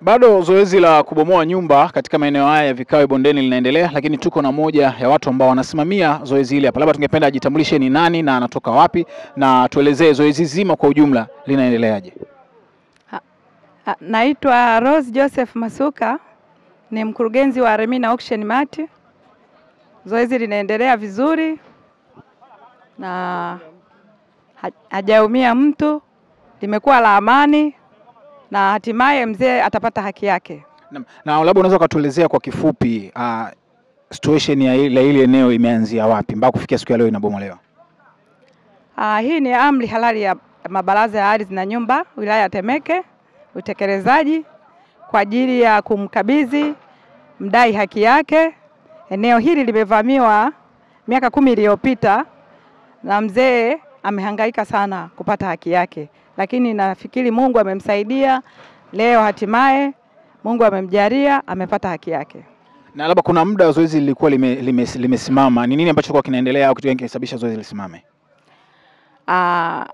Bado zoezi la kubomoa nyumba katika maeneo haya ya Vikawe Bondeni linaendelea, lakini tuko na moja ya watu ambao wanasimamia zoezi hili hapa. Labda tungependa ajitambulishe ni nani na anatoka wapi, na tuelezee zoezi zima kwa ujumla linaendeleaje. Naitwa Rose Joseph Masuka, ni mkurugenzi wa Remina Auction Mart. Zoezi linaendelea vizuri na hajaumia mtu, limekuwa la amani na hatimaye mzee atapata haki yake. Na, na labda unaweza ukatuelezea kwa kifupi uh, situation ya ile ile eneo imeanzia wapi mpaka kufikia siku ya leo inabomolewa? Uh, hii ni amri halali ya mabaraza ya ardhi na nyumba wilaya ya Temeke, utekelezaji kwa ajili ya kumkabidhi mdai haki yake. Eneo hili limevamiwa miaka kumi iliyopita na mzee amehangaika sana kupata haki yake, lakini nafikiri Mungu amemsaidia leo, hatimaye Mungu amemjalia amepata haki yake. Na labda kuna muda zoezi lilikuwa limesimama, lime, lime ni nini ambacho kwa kinaendelea au kitu gani kinasababisha zoezi lisimame? Uh, ah,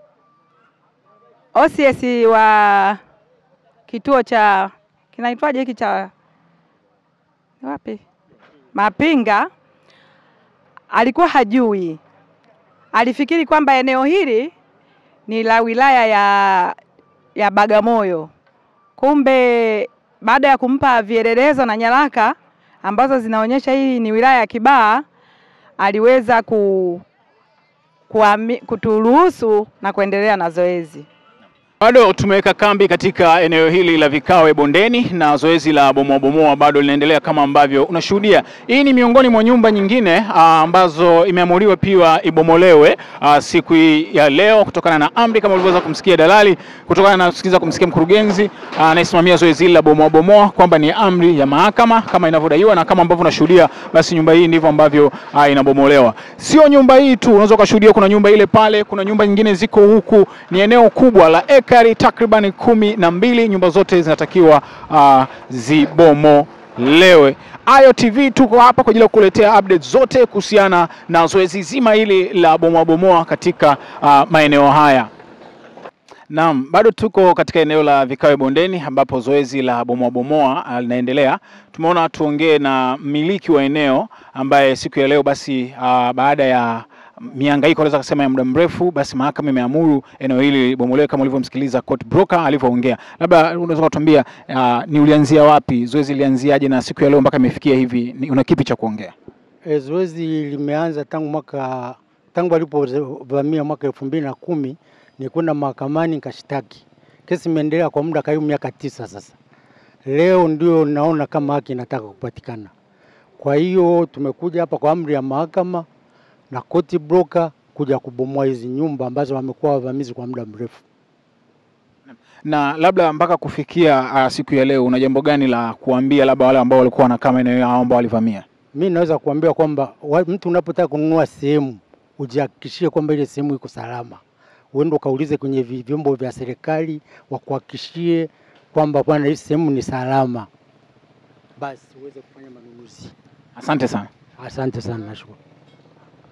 OCS wa kituo cha kinaitwaje hiki cha wapi, Mapinga, alikuwa hajui alifikiri kwamba eneo hili ni la wilaya ya, ya Bagamoyo. Kumbe baada ya kumpa vielelezo na nyaraka ambazo zinaonyesha hii ni wilaya ya Kibaha, aliweza ku, kuturuhusu na kuendelea na zoezi. Bado tumeweka kambi katika eneo hili la Vikawe Bondeni na zoezi la bomoa bomoa bado linaendelea kama ambavyo unashuhudia. Hii ni miongoni mwa nyumba nyingine ah, ambazo imeamuriwa pia ibomolewe ah, siku ya leo kutokana na amri kama ulivyoweza kumsikia dalali, kutokana na kusikiza kumsikia mkurugenzi ah, anayesimamia zoezi hili la bomoa bomoa kwamba ni amri ya mahakama kama inavyodaiwa, na kama ambavyo unashuhudia, basi nyumba hii ndivyo ambavyo inabomolewa. Sio nyumba hii tu, unaweza kushuhudia kuna nyumba ile pale, kuna nyumba nyingine ziko huku, ni eneo kubwa la ek ekari takribani kumi na mbili. Nyumba zote zinatakiwa uh, zibomolewe. Ayo TV tuko hapa kwa ajili ya kukuletea update zote kuhusiana na zoezi zima hili la bomoa bomoa katika uh, maeneo haya. Naam, bado tuko katika eneo la Vikawe Bondeni ambapo zoezi la bomoa bomoa uh, linaendelea. Tumeona tuongee na mmiliki wa eneo ambaye siku ya leo basi, uh, baada ya miangaiko naweza kusema ya muda mrefu, basi mahakama imeamuru eneo hili libomolewe, kama ulivyomsikiliza court broker alivyoongea. Labda unaweza kutuambia uh, ni ulianzia wapi zoezi lilianziaje, na siku ya leo mpaka imefikia hivi, una kipi cha kuongea? E, zoezi limeanza tangu mwaka tangu walipovamia mwaka elfu mbili na kumi nikwenda mahakamani nikashitaki. Kesi imeendelea kwa muda karibu miaka tisa sasa. Leo ndio naona kama haki inataka kupatikana. Kwa hiyo tumekuja hapa kwa amri ya mahakama na koti broker kuja kubomoa hizi nyumba ambazo wamekuwa wavamizi kwa muda mrefu. Na labda mpaka kufikia uh, siku ya leo, una jambo gani la kuambia labda wale ambao walikuwa wanakaa maeneo hao ambao walivamia? Mi naweza kuambia kwamba mtu unapotaka kununua sehemu ujihakikishie kwamba ile sehemu iko salama, uende ukaulize kwenye vyombo vya serikali wakuhakikishie kwamba bwana, hii sehemu ni salama, basi uweze kufanya manunuzi. Asante sana. Asante sana, nashukuru.